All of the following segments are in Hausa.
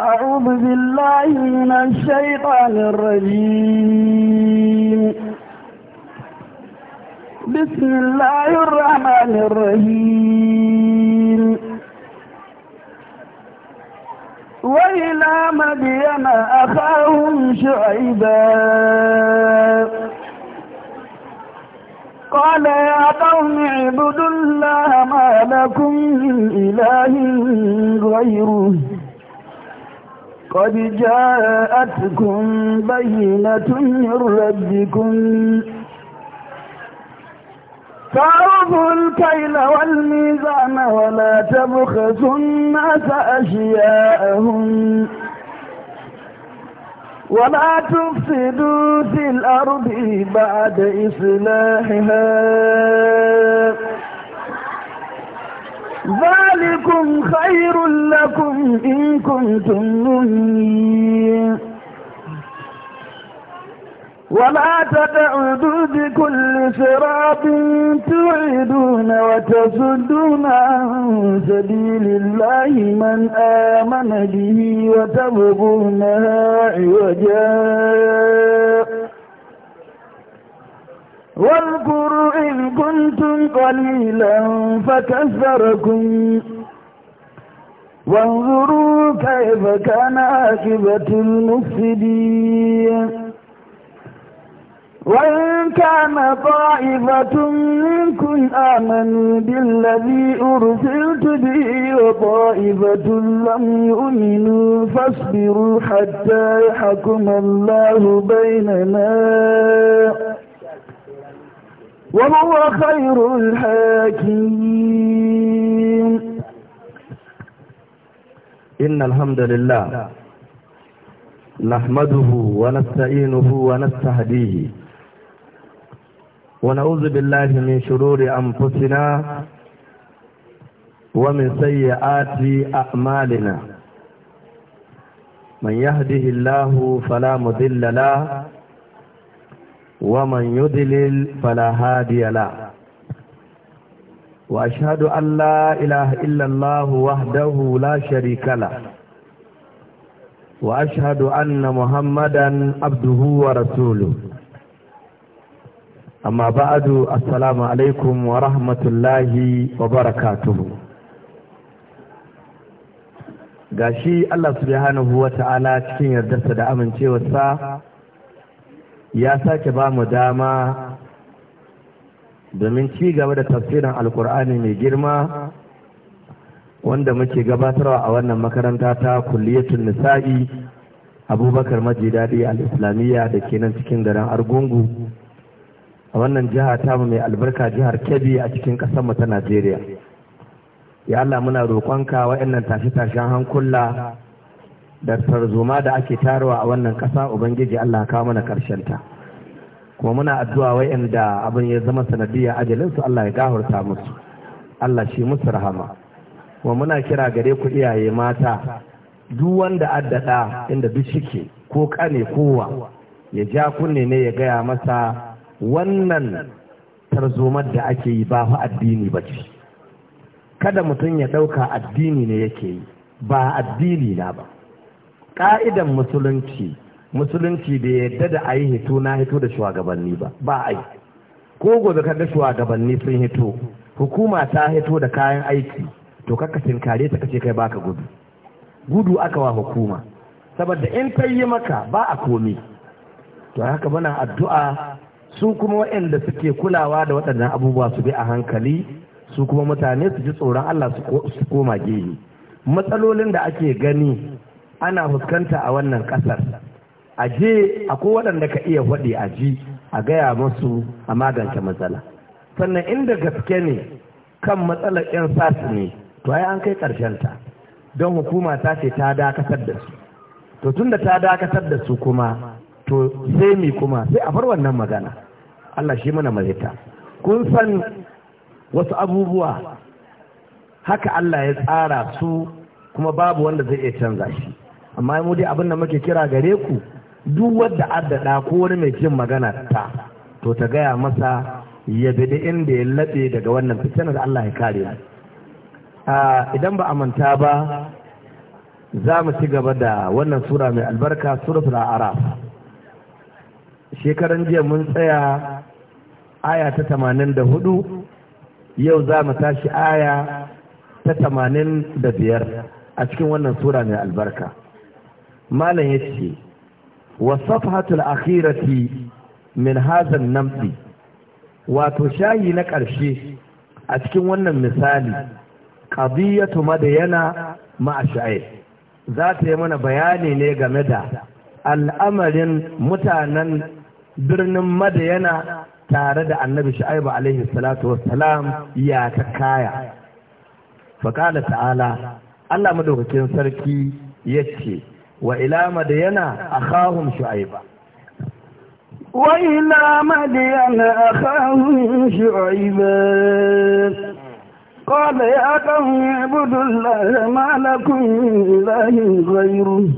أعوذ بالله من الشيطان الرجيم بسم الله الرحمن الرحيم وإلى مدين أخاهم شعيبا قال يا قوم اعبدوا إلا ما لكم من إله غيره قد جاءتكم بينة من ربكم تعرضوا الكيل والميزان ولا تبخسوا الناس أشياءهم ولا تفسدوا في الأرض بعد إصلاحها ذلكم خير لكم إن كنتم مؤمنين ولا تقعدوا بكل صراط تعيدون وتصدون عن سبيل الله من آمن به وتبغونها عوجا واذكروا إن كنتم قليلا فكثركم وانظروا كيف كان عاقبة المفسدين وإن كان طائفة منكم آمنوا بالذي أرسلت به وطائفة لم يؤمنوا فاصبروا حتى يحكم الله بيننا وهو خير الحاكمين إن الحمد لله نحمده ونستعينه ونستهديه ونعوذ بالله من شرور أنفسنا ومن سيئات أعمالنا من يهده الله فلا مضل له ومن يضلل فلا هادي له وأشهد أن لا إله إلا الله وحده لا شريك له وأشهد أن محمدا عبده ورسوله أما بعد السلام عليكم ورحمة الله وبركاته gashi Allah subhanahu wa ta'ala cikin yardarsa da amincewarsa ya sake ba mu dama domin ci gaba da tafsirin alkur'ani mai girma wanda muke gabatarwa a wannan makaranta ta kulliyatun nisa'i abubakar majidadi al-islamiyya da ke nan cikin garin argungu a wannan jiha ta mai albarka jihar kebbi a cikin mu ta najeriya ya allah muna roƙonka waɗannan tashe-tashen hankula da tarzoma da ake tarawa a wannan ƙasa ubangiji Allah kawo mana ta. kuma muna addu'a wa'anda abin ya zama sanadiyya ajalinsu Allah ya gafarta musu Allah shi musu rahama kuma muna kira gare ku iyaye mata duk wanda addada inda duk shike ko kane kowa ya ja kunne ne ya gaya masa wannan tarzomar da ake yi ba fa addini ba kada mutum ya ɗauka addini ne yake yi ba addini na ba ka'idan musulunci musulunci bai yadda da a yi hito na hito da shugabanni ba ba a yi ko gobe ka ga shugabanni sun hito hukuma ta hito da kayan aiki to kakka kare ta kace kai baka gudu gudu aka wa hukuma saboda in ta yi maka ba a komi to haka muna addu'a su kuma waɗanda suke kulawa da waɗannan abubuwa su bi a hankali su kuma mutane su ji tsoron Allah su koma gehe matsalolin da ake gani ana fuskanta a wannan ƙasar a je akwai waɗanda ka iya faɗi a ji a gaya musu a magance matsala sannan inda gaske ne kan matsalar 'yan sasu ne to ai an kai ta don hukuma ta ce ta dakatar da su to tun da ta dakatar da su kuma to sai mi kuma sai a bar wannan magana Allah shi mana mahita kun san wasu abubuwa haka Allah ya tsara su kuma babu wanda zai iya canza shi amma mu dai abin da muke kira gare ku duk wadda addada ko wani mai jin magana ta to ta gaya masa ya bidi inda ya laɓe daga wannan fitinar Allah ya kare mu idan ba a manta ba za mu ci gaba da wannan sura mai albarka suratul araf shekaran jiya mun tsaya aya ta tamanin da hudu yau za mu tashi aya ta tamanin da biyar a cikin wannan sura mai albarka malam ya ce wa akhirati min hazan namdi wato shayi na ƙarshe a cikin wannan misali qadiyatu madayana ma'a sha'ir za ta yi mana bayani ne game da al'amarin mutanen birnin madayana tare da annabi shu'aibu alaihi salatu wassalam ya ta kaya faƙala ta'ala Allah madaukakin sarki ya ce وإلى مدينة أخاهم شعيبا وإلى مدينة أخاهم شعيبا قال يا قوم اعبدوا الله ما لكم من إله غيره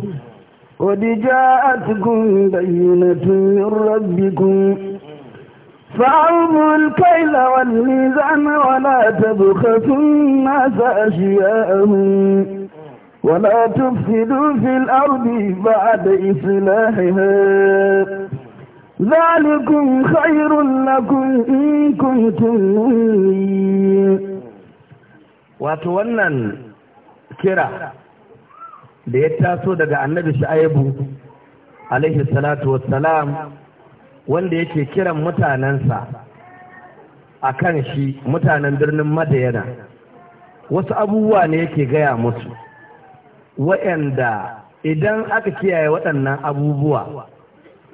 قد جاءتكم بينة من ربكم فأوفوا الكيل والميزان ولا تبخسوا الناس أشياءهم ولا تفسدوا في الأرض بعد إصلاحها ذلكم خير لكم إن كنتم مؤمنين وتولن كرا da ya taso daga annabi shu'aibu alaihi wanda yake kiran mutanensa a kan shi mutanen birnin madayana wasu abubuwa ne yake gaya musu waɗanda idan aka kiyaye waɗannan abubuwa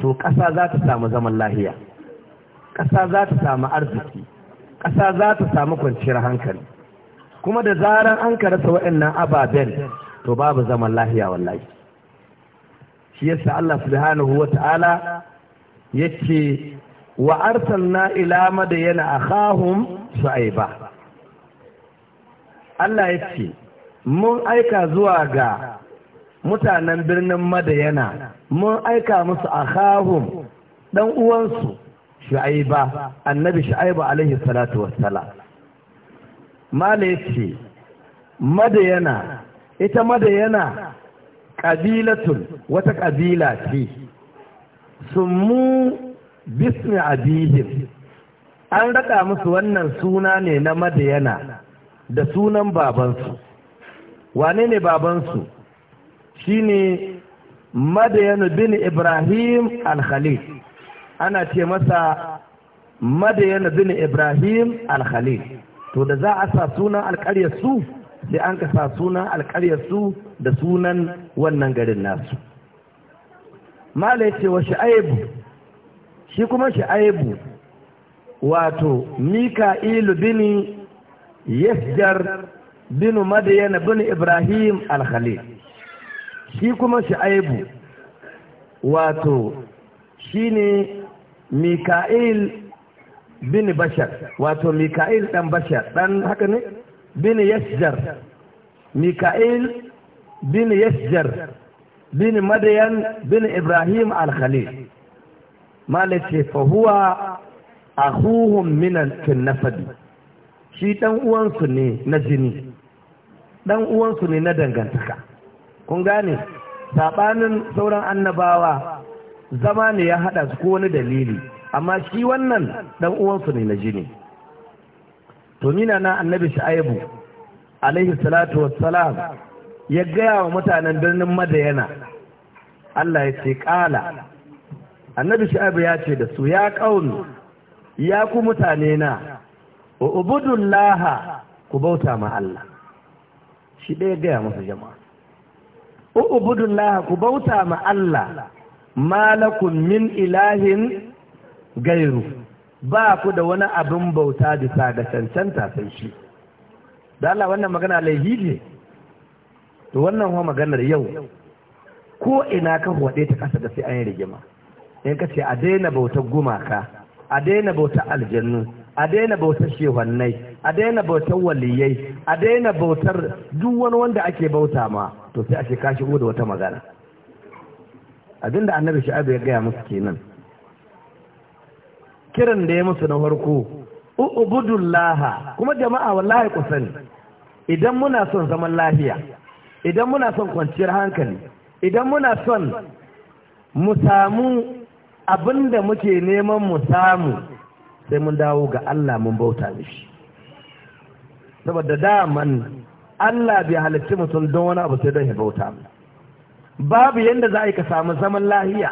to ƙasa za ta samu zaman lahiya ƙasa za ta samu arziki ƙasa za ta samu kwanciyar hankali kuma da zaran an karasa waɗannan ababen to babu zaman lahiya wallahi shi yasa Allah subhanahu wa ta'ala yace wa arsalna ila madyana akhahum shu'aiba Allah yace mun aika zuwa ga mutanen birnin madayana mun aika musu a kahun ɗan uwansu shu'aiba annabi shu'aiba alaihi salatu wassalam mala yace madayana ita madayana ƙabilatun wata ƙabila ce mu bismi abihim an raka musu wannan suna ne na madayana da sunan babansu wane ne babansu shi ne madayanu bin ibrahim al ana ce masa madayanu bin ibrahim al to da za a sa sunan alkaryarsu sai an ka sa sunan alkaryarsu da sunan wannan garin nasu mala ce wa sha'aibu shi kuma sha'aibu wato mika'ilu Bini yasjar bin madayan bin ibrahim alkhalil shi kuma shu'aibu wato shine mika'il bin bashar wato mika'il dan bashar dan haka ne bin yasjar mika'il bin yasjar bin madayan bin ibrahim alkhalil malace fa huwa akhuhum min al-nafadi shi dan uwansu ne na jini ɗan uwansu ne na dangantaka kun gane saɓanin sauran annabawa zama ne ya haɗa su ko wani dalili amma shi wannan ɗan uwansu ne na jini to nina na annabi shaibu alaihi salatu wassalam ya gaya wa mutanen birnin madayana Allah ya ce ƙala annabi shaibu ya ce da su ya ƙaunu ya ku mutane na ubudullaha ku bauta ma Allah shi ɗaya gaya masa jama'a laha ku bauta ma Allah malakun min ilahin gairu ba ku da wani abin bauta bisa ga cancanta sai shi da Allah wannan magana laihi ne to wannan kuma maganar yau ko ina ka huwaɗe ta kasa da sai an yi rigima in ka ce a daina bautar gumaka a daina bautar aljannu a daina bautar shehwannai a daina bautar waliyai a daina bautar duk wani wanda ake bauta ma to sai a ka shigo da wata magana abinda annabi sha'abu ya gaya musu kenan kiran da ya musu na farko u'budullaha kuma jama'a wallahi ku sani idan muna son zaman lafiya idan muna son kwanciyar hankali idan muna son mu samu abinda muke neman mu samu sai mun dawo ga Allah mun bauta mishi saboda daman Allah bai halarci mutum don wani abu sai don ya bauta babu yadda za a yi ka samu zaman lahiya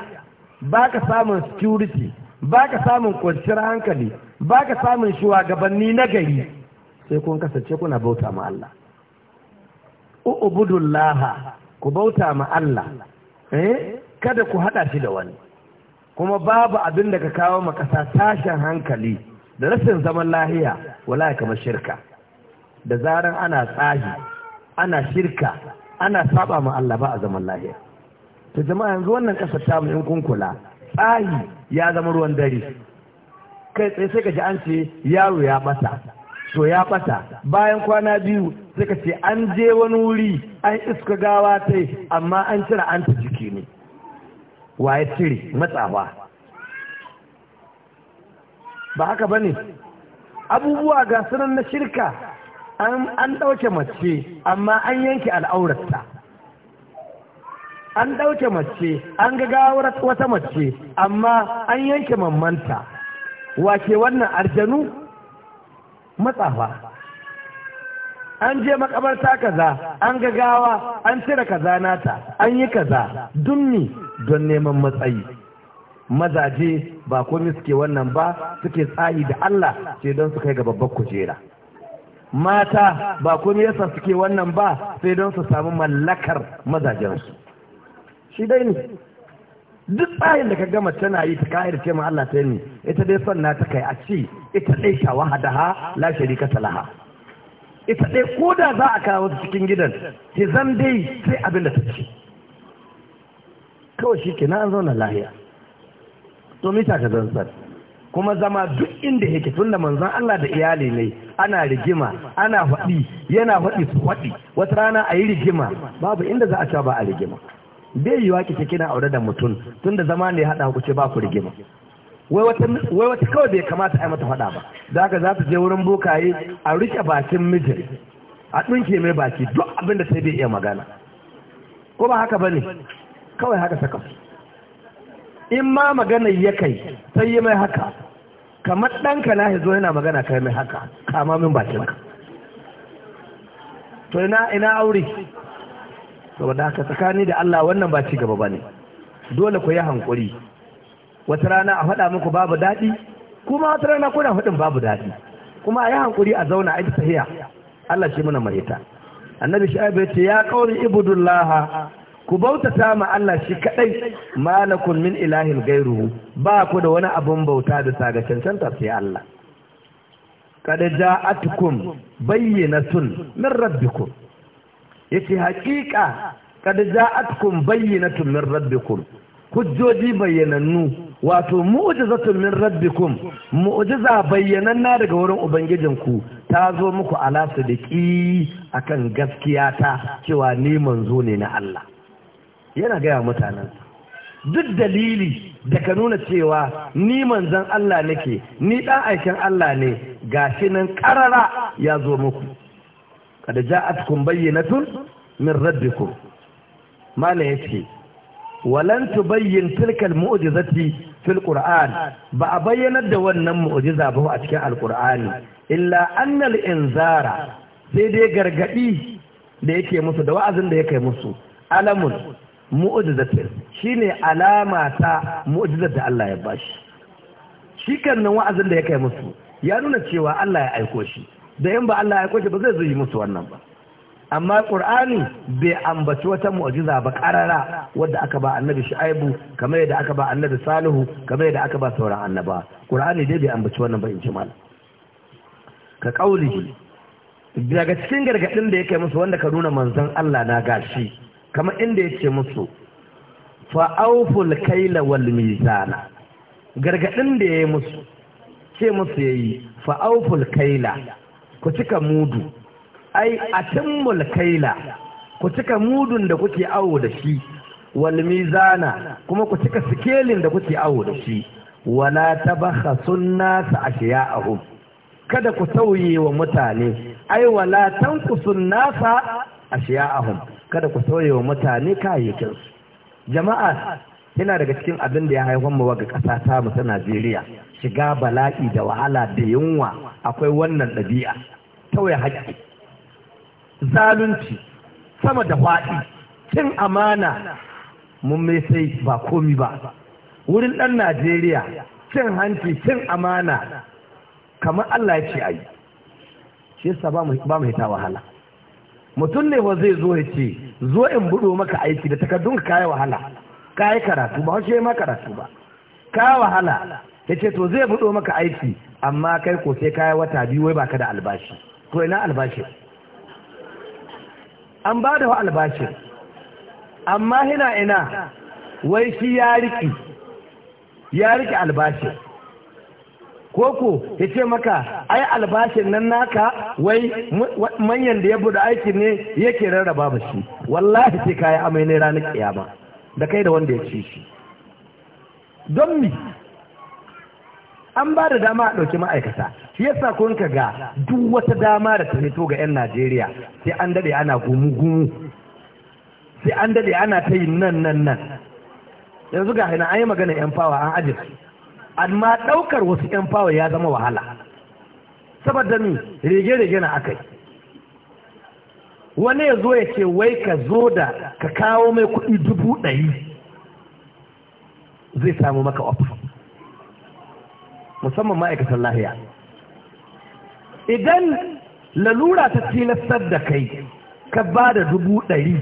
ba ka samun security ba ka samun kwanciyar hankali ba ka samun shugabanni na gari sai kun kasance kuna bauta ma Allah u'budullaha ku bauta ma Allah eh kada ku hada shi da wani kuma babu abin da ka kawo ma kasa tashin hankali da rashin zaman lahiya wala kamar shirka da zaran ana tsahi ana shirka ana saba ma Allah ba a zaman lahiya to jama'a yanzu wannan kasar ta in kun kula tsahi ya zama ruwan dare kai tsaye sai ka ji an ce yaro ya bata so ya bata bayan kwana biyu sai ka ce an je wani wuri an iska gawa ta amma an cire an ta jiki ne waye cire matsawa ba haka ba ne abubuwa ga sunan na shirka an ɗauke mace amma an yanke al'aurarta an ɗauke mace an ga gawar wata mace amma an yanke mammanta ke wannan arjanu matsafa an je makabarta kaza an ga gawa an cire kaza nata an yi kaza dummi don neman matsayi mazaje ba komi suke wannan ba suke tsayi da Allah ce don su kai ga babbar kujera mata ba kuma yasa suke wannan ba sai don su samu mallakar mazajensu shi dai ne duk tsayin da ka gama tana yi ta kayar ce ma Allah ta ni ita dai son na ta kai a ci ita dai shawa hadaha la sharika talaha ita dai ko da za a kawo cikin gidan ki zan dai sai abin da ta ci kawai shi ke na an zauna lahiya to mita ka zan kuma zama duk inda yake tunda manzon Allah da iyali ne ana rigima ana faɗi yana faɗi su faɗi wata rana ayi rigima babu inda za a cewa ba a rigima bai yiwa ki kina aure da mutum tunda zama ne haɗa ku ce ba ku rigima wai wata kawai bai kamata a yi mata faɗa ba da haka za ta je wurin bokaye a rike bakin mijin a ɗinke mai baki duk abinda da sai bai iya magana ko ba haka ba ne kawai haka saka in ma magana ya kai sai yi mai haka kamar ɗanka na hizo yana magana kai mai haka kama min bakin ka to ina ina aure saboda haka tsakani da Allah wannan ba ci gaba bane dole ku yi hankuri wata rana a faɗa muku babu daɗi kuma wata rana kuna faɗin babu daɗi kuma a yi hankuri a zauna a yi sahiya, Allah shi muna mai ita annabi shi ya ce ya Ibudun ibudullaha ku bautata ma Allah shi kaɗai. malakun min ilahin gairu, ba ku da wani abun bauta da saga cancanta sai Allah kada ja'atukum bayyinatun min rabbikum yace haƙiƙa kada ja'atukum bayyinatun min rabbikum hujjoji bayyanannu wato mu'jizatun min rabbikum mu'jiza bayyananna daga wurin ubangijinku ta zo muku ala sadiqi akan gaskiya ta cewa ni manzo ne na Allah yana gaya mutanen duk dalili da ka nuna cewa ni manzan Allah nake ni ɗan aikin Allah ne ga shi nan ƙarara ya zo muku kada ja bayyana tun min rabbikum ya yace walantu bayyin tilkal mu'ujizati fil qur'an ba a bayyanar da wannan mu'ujiza ba a cikin alqur'ani illa annal inzara sai dai gargadi da yake musu da wa'azin da yake musu alamun mu'jizatin shine alama ta mu'jizar da Allah ya bashi shi kannan wa'azin da ya kai musu ya nuna cewa Allah ya aiko shi da yin ba Allah ya aiko shi ba zai zo yi musu wannan ba amma qur'ani bai ambaci wata mu'jiza ba karara wadda aka ba annabi shu'aibu kamar yadda aka ba annabi salihu kamar yadda aka ba sauran annaba qur'ani dai bai ambaci wannan ba in ji mal ka kaulihi daga cikin gargadin da yake musu wanda ka nuna manzon Allah na gashi kamar inda yake musu fa'auful kaila wal mizana gargadin da yayi musu ce musu yayi fa'auful kaila ku cika mudu ai cimmul kaila ku cika mudun da kuke awo da shi wal mizana kuma ku cika sikelin da kuke awo da shi wala tabakhasun nas ashiya'ahum kada ku tauye wa mutane ai wala tanqusun nas ashiya'ahum kada ku soye wa mutane kayayyakinsu jama'a yana daga cikin abin da ya haifar mu ga ƙasa ta mu ta Najeriya shiga bala'i da wahala da yunwa akwai wannan ɗabi'a tauye haƙƙi zalunci sama da faɗi cin amana mun mai sai ba komi ba wurin ɗan Najeriya cin hanci cin amana kamar Allah ya ce ayi yi shi yasa ba mu hita wahala mutum ne wa zai zo ya ce zo in buɗo maka aiki da takardun ka yi wahala ka yi karatu ba wace ma karatu ba ka wahala ya ce to zai budo maka aiki amma kai ko sai ka yi wata biyu wai baka da albashi to ina albashi an ba da albashi amma hina ina wai shi ya riki ya riki albashi Ko ko ya ce maka ai albashin nan naka wai manyan da ya buɗe aiki ne yake rarraba ba shi wallahi sai kayi amai ne ranar kiyama da kai da wanda ya ci shi don mi an ba da dama a ɗauki ma'aikata shi yasa kun ka ga duk wata dama da ta ga 'yan najeriya sai an daɗe ana gumu-gumu sai an daɗe ana ta yin nan nan nan yanzu ga hina an yi magana 'yan fawa an ajiye amma ɗaukar wasu 'yan fawa ya zama wahala saboda ni rige rige na aka yi wani ya zo ya ce wai ka zo da ka kawo mai kuɗi dubu ɗari zai samu maka ofis, musamman ma'aikatar lahiya idan lalura ta tilastar da kai ka ba da dubu ɗari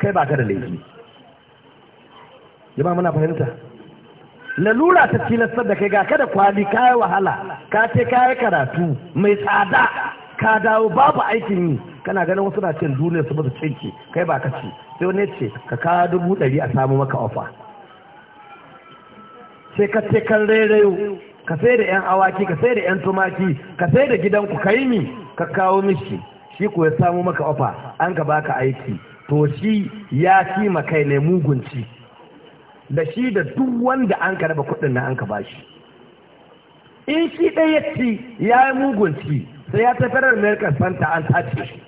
kai ba ka da laifi jama'a muna fahimta lalura ta tilastar da kai ga kada kwali kayi wahala ka ce kayi karatu mai tsada ka dawo babu aikin yi kana ganin wasu na cin duniya su ba su cinki kai ba ka ci sai wani ce ka kawo dubu ɗari a samu maka ofa sai ka ce kan rairayo ka sai da 'yan awaki ka sai da 'yan tumaki ka sai da gidanku ka yi mi ka kawo mishi shi ko ya samu maka ofa an ka baka aiki to shi ya kima kai ne mugunci da shi da duk wanda an ka raba kuɗin na an ka bashi in shi ɗaya ci ya mugunci sai ya tafarar mayar kasanta an tace shi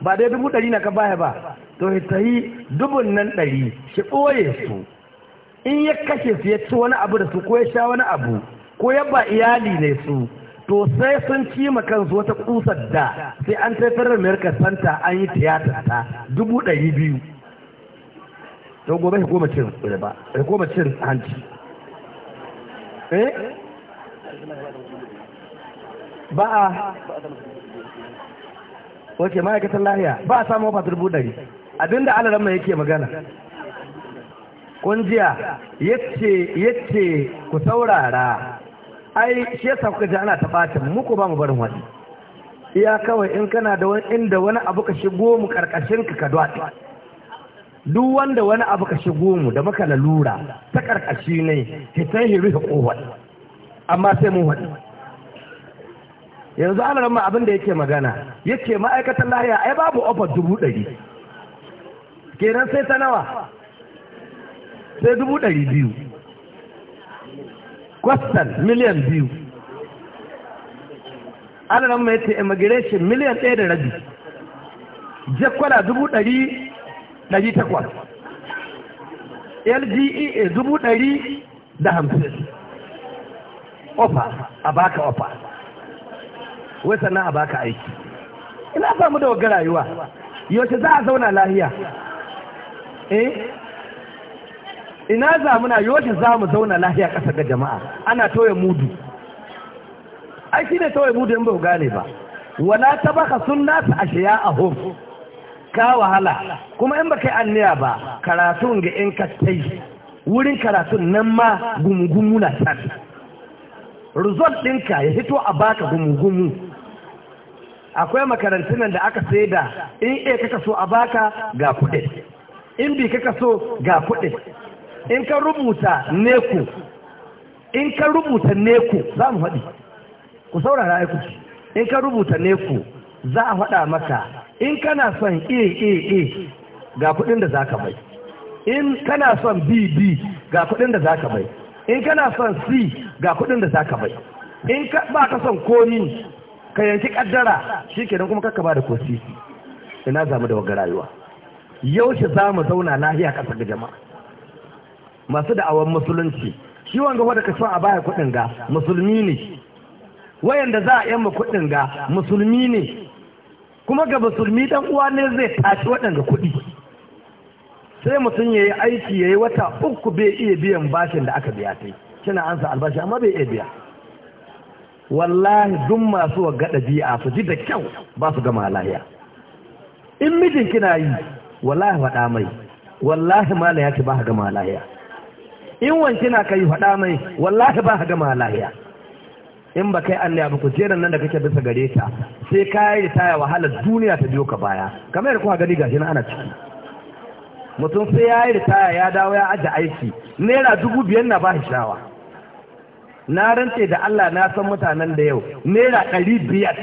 ba dai dubu ɗari na ka baya ba to ya dubu dubun nan ɗari shi ɓoye su in ya kashe su ya ci wani abu da su ko ya sha wani abu ko ya ba iyali ne su to sai sun ci ma kansu wata kusar da sai an tafarar mayar kasanta an yi tiyatar ta dubu ɗari biyu don gobe ya goma cin riba ya goma cin hanci eh? ba a wace ma'aikatan lahiya ba a samun wafa dubu ɗari abinda alaran mai yake magana kunjiya yace yace ku saurara ai shi yasa kuka ji ana ta ɓatin muku ba mu barin wani iya kawai in kana da wani inda wani abu ka shigo mu karkashin ka ka dwatsa duk wanda wani abu ka shigo mu da maka lalura ta karkashi ne hitan hiri ka kowar amma sai mun haɗu yanzu an rama abin da yake magana yake ma'aikatan lahiya ai babu ofar dubu ɗari kenan sai ta nawa sai dubu ɗari biyu kwastan miliyan biyu an rama ya ce immigration miliyan ɗaya da rabi jakwala dubu ɗari ɗari takwas lgea dubu ɗari da hamsin ofa a baka ofa wai sannan a baka aiki ina samu da wagar rayuwa yaushe za a zauna lahiya eh ina za muna yaushe za mu zauna lahiya ƙasa ga jama'a ana toye mudu ai shi ne toye mudu in ba gane ba wala tabaka sunnata ashiya'ahum ka wahala kuma in baka yi anniya ba karatun ga in ka tai wurin karatun nan ma gumugumu na tan result ɗinka ya hito a baka gumugumu akwai makarantun da aka sai da in e kaka so a baka ga kuɗin in bi kaka so ga kuɗin in ka rubuta neku in ka rubuta neku za mu faɗi ku saurara aiku in ka rubuta neku za a faɗa maka in kana son a a a ga kuɗin da za ka bai in kana son b b ga kuɗin da za ka bai in kana son c ga kuɗin da za ka bai in ba ka son komi ka yanki kaddara shi kenan kuma kakka ba da kosi ina za mu da waga rayuwa yaushe za mu zauna lahiya ƙasa ga jama'a masu da'awan musulunci shi wanga wanda ka son a baya kuɗin ga musulmi ne wayanda za a yamma kuɗin ga musulmi ne kuma ga musulmi dan uwa ne zai tashi waɗanda kuɗi sai mutum ya yi aiki ya yi wata uku bai iya biyan bashin da aka biya sai kina sa albashi amma bai iya biya wallahi duk masu gaɗa biya su ji da kyau ba su gama lahiya in mijin kina yi wallahi faɗa mai wallahi mala ya ce ba ka gama lahiya in wanki na kai faɗa mai wallahi ba ka gama lahiya in ba kai Allah ba kujerar nan da kake bisa gare ta sai ka yi ritaya wahala duniya ta biyo ka baya kamar yadda kuka gani gashi na ana ciki mutum sai ya yi ritaya ya dawo ya aje aiki naira dubu biyar na ba shi shawa na rantse da Allah na san mutanen da yau naira ɗari biyar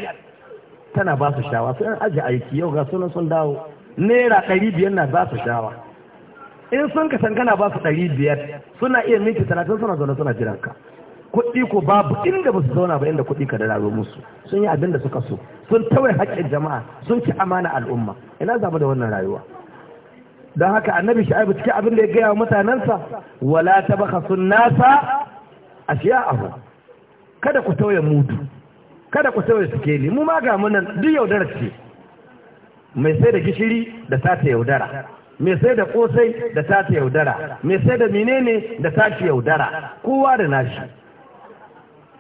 tana ba su shawa sai an aje aiki yau ga sunan sun dawo naira ɗari biyar na ba su shawa in sun ka kana ba su ɗari biyar suna iya minti talatin suna zaune suna jiranka kuɗi ko babu inda ba su zauna ba inda kuɗi ka da musu sun yi abin da suka so sun tawai haƙƙin jama'a sun ci amana al'umma ina zama da wannan rayuwa don haka annabi sha'ibu cikin abin da ya gaya wa mutanensa wala ta baka sun nasa a shiya'ahu kada ku tauye mutu kada ku tauye sikeli mu ma ga munan duk yaudara ce mai sai da gishiri da ta yaudara mai sai da kosai da ta yaudara mai sai da menene da ta yaudara kowa da nashi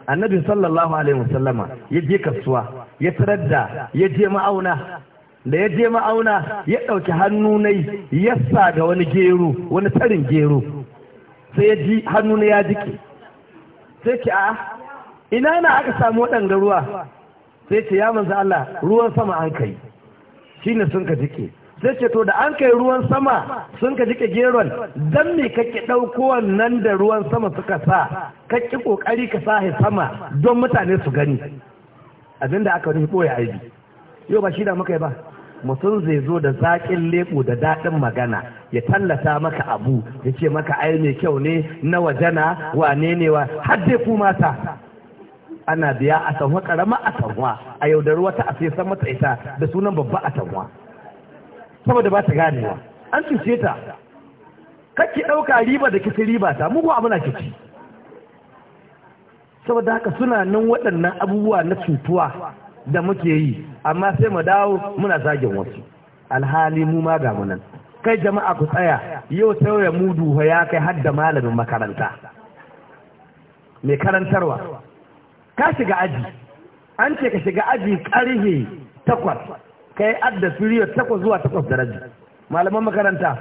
annabi sallallahu alaihi wasallama ya je kasuwa ya tarar da ya je ma'auna da ya je ma'auna ya ɗauki hannu na yasa ga wani gero wani tarin gero sai ya ji hannu na ya jike sai ce a ina na aka samu waɗanda ruwa sai ce ya manzo Allah ruwan sama an kai shine sun ka jike sai ce to da an kai ruwan sama sun ka jike geron don me kake ɗauko wannan da ruwan sama suka sa kake ƙoƙari ka sa sama don mutane su gani abin da aka wani ya aibi yau ba shi da muka yi ba mutum zai zo da zaƙin leƙo da daɗin magana ya tallata maka abu ya ce maka ai mai kyau ne na wajena wane ne wa har dai ku mata ana biya a sanwa ƙarama a sanwa a yaudar wata a sai san mata ita da sunan babba a sanwa saboda ba ta ganewa an cuce ta kake ɗauka riba da kisa riba ta mugu abu na kici saboda haka suna nan waɗannan abubuwa na cutuwa da muke yi amma sai mu dawo muna zagin wasu alhali mu ma ga munan kai jama'a ku tsaya yau sauya mu duha ya kai hadda malamin makaranta mai karantarwa ka shiga aji an ce ka shiga aji ƙarhe takwas kai adda period takwas zuwa takwas da rabi malaman makaranta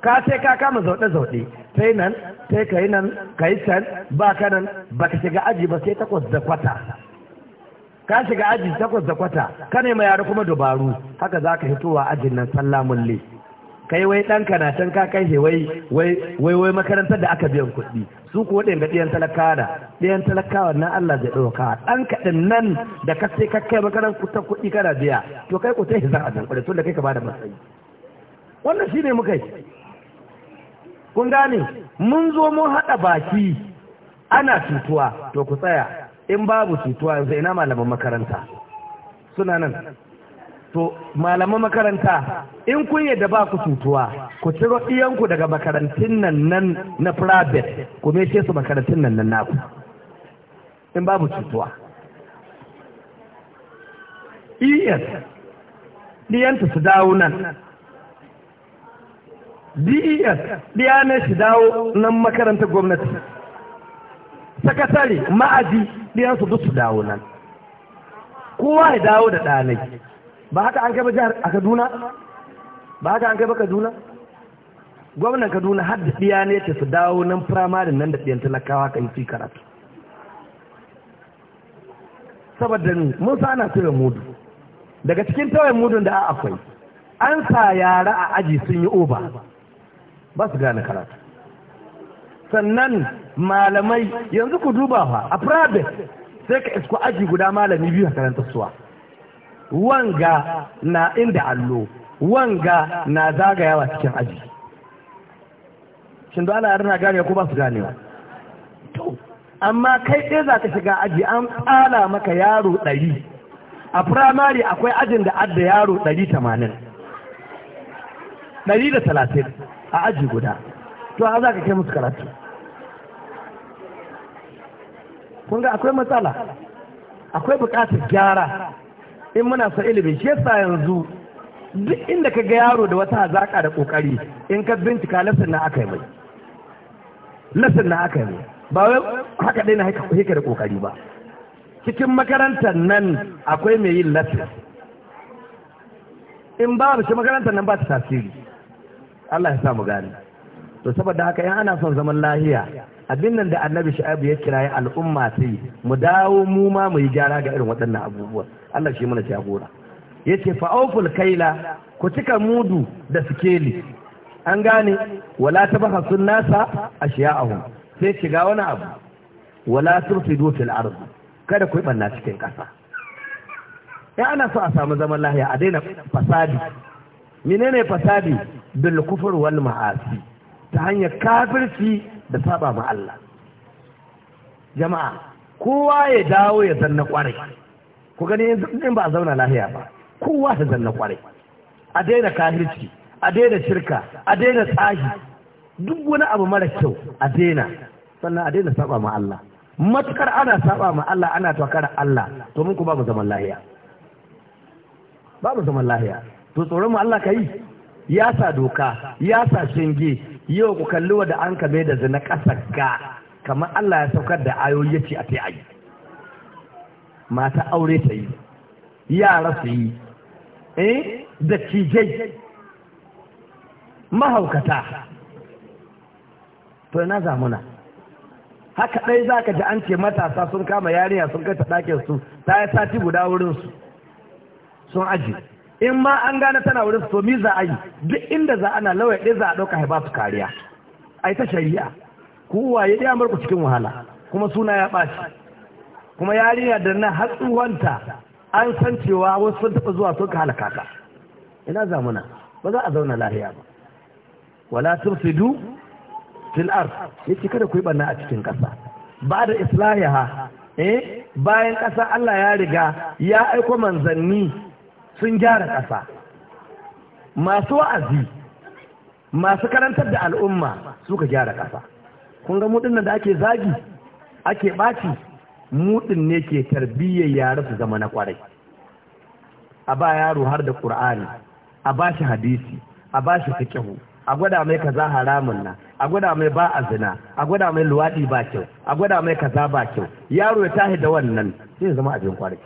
ka sai ka kama zauɗe-zauɗe ta yi nan ta ka yi nan ka yi can ba ka nan ba ka shiga aji ba sai takwas da kwata ka shiga aji takwas da kwata ka nema yare kuma dabaru haka za ka hitowa ajin nan sallamun le kai wai ɗanka na can ka kai wai wai wai makarantar da aka biyan kuɗi su ko ɗin ga ɗiyan talakawa na ɗiyan talakawa na Allah zai ɗauka ɗan kaɗin nan da ka sai ka kai makarantar kuɗi kana biya to kai ku sai za a dan kuɗi tun da kai ka bada matsayi wannan shine muka yi kun gane mun zo mun haɗa baki ana cutuwa to ku tsaya in babu cutuwa yanzu ina malaman makaranta suna nan to malaman makaranta in kun yadda ba ku tutuwa ku ciro ɗiyanku daga makarantun nan nan na private ku meshe su makarantun nan nan naku in babu tutuwa es ɗiyanta su dawo nan des ɗiyanar shi dawo nan makarantar gwamnati sakatare ma'aji ɗiyansu duk su dawo nan kowa ya dawo da ɗanai ba haka an kai ba jihar a kaduna ba haka an kai ba kaduna gwamnan kaduna har da ɗiya ne ta su dawo nan firamare nan da na talakawa kan fi karatu saboda ni mun sa ana mudu daga cikin tauye mudun da akwai an sa yara a aji sun yi oba ba su gane karatu sannan malamai yanzu ku duba fa a private sai ka isko aji guda malami biyu a karantar suwa wanga na inda allo wanga na zagayawa cikin aji shin da ana na gane ko ba su gane to amma kai ɗaya za ka shiga aji an tsala maka yaro ɗari a firamare akwai ajin da adda yaro ɗari tamanin ɗari da talatin a aji guda to a za ka kai musu karatu kun ga akwai matsala akwai buƙatar gyara in muna son ilimin shi yasa yanzu duk inda ka ga yaro da wata hazaka da kokari in ka bincika lasin na aka yi mai lasin na aka yi mai ba wai haka dai na haka da kokari ba cikin makarantar nan akwai mai yin lasin in wa shi makarantar nan ba ta tasiri Allah ya sa mu gani to saboda haka in ana son zaman lahiya abin nan da annabi sha'abu ya kira ya al'umma sai mu dawo mu ma mu yi gyara ga irin waɗannan abubuwa Allah shi mana jagora yace fa auful kaila ku cika mudu da sikeli an gane wala sun nasa ashiya'ahum sai shiga wani abu wala turfidu fil ardi kada ku yi banna cikin ƙasa ya ana so a samu zaman lahiya a daina fasadi menene fasadi bil kufur wal ma'asi ta hanyar kafirci da saba ma Allah jama'a kowa ya dawo ya zanna kwarai ku gani in ba a zauna lahiya ba kowa ya zanna kwarai a daina kahirci a daina shirka a daina tsahi duk wani abu mara kyau a daina sannan a daina saba ma Allah matukar ana saba ma Allah ana tokar Allah to mun ku babu zaman lahiya babu zaman lahiya to tsoron mu Allah ka yi ya sa doka ya sa shinge yau ku kalli wa da an kame da zina ƙasa ga kamar Allah ya saukar da ayoyi ya ce a tai ayi mata aure ta yi yara su yi eh da cijai mahaukata to na zamuna haka ɗai za ka ji an ce matasa sun kama yarinya sun kai ta ɗakin su ta yi sati guda wurinsu sun aji in ma an gane tana wurin su tomi za a yi duk inda za ana lawai ɗaya za a ɗauka ba su kariya ai ta shari'a ku waye ɗaya marku cikin wahala kuma suna ya ɓaci kuma yarinya da na hatsuwanta an san cewa wasu sun taɓa zuwa sun ka halaka ka ina zamuna ba za a zauna lahiya ba wala sun fidu fil ya ce kada ku yi banna a cikin ƙasa ba da ha? eh bayan ƙasa Allah ya riga ya aiko manzanni sun gyara ƙasa masu wa'azi masu karantar da al'umma suka gyara ƙasa kun ga muɗin nan da ake zagi ake ɓaci muɗin ne ke tarbiyyar yare su zama na ƙwarai a ba yaro har da ƙur'ani a ba shi hadisi a ba shi fikihu a gwada mai kaza haramun na a gwada mai ba a zina a gwada mai luwaɗi ba kyau a gwada mai kaza ba kyau yaro ya tahi da wannan sai zama abin kwarai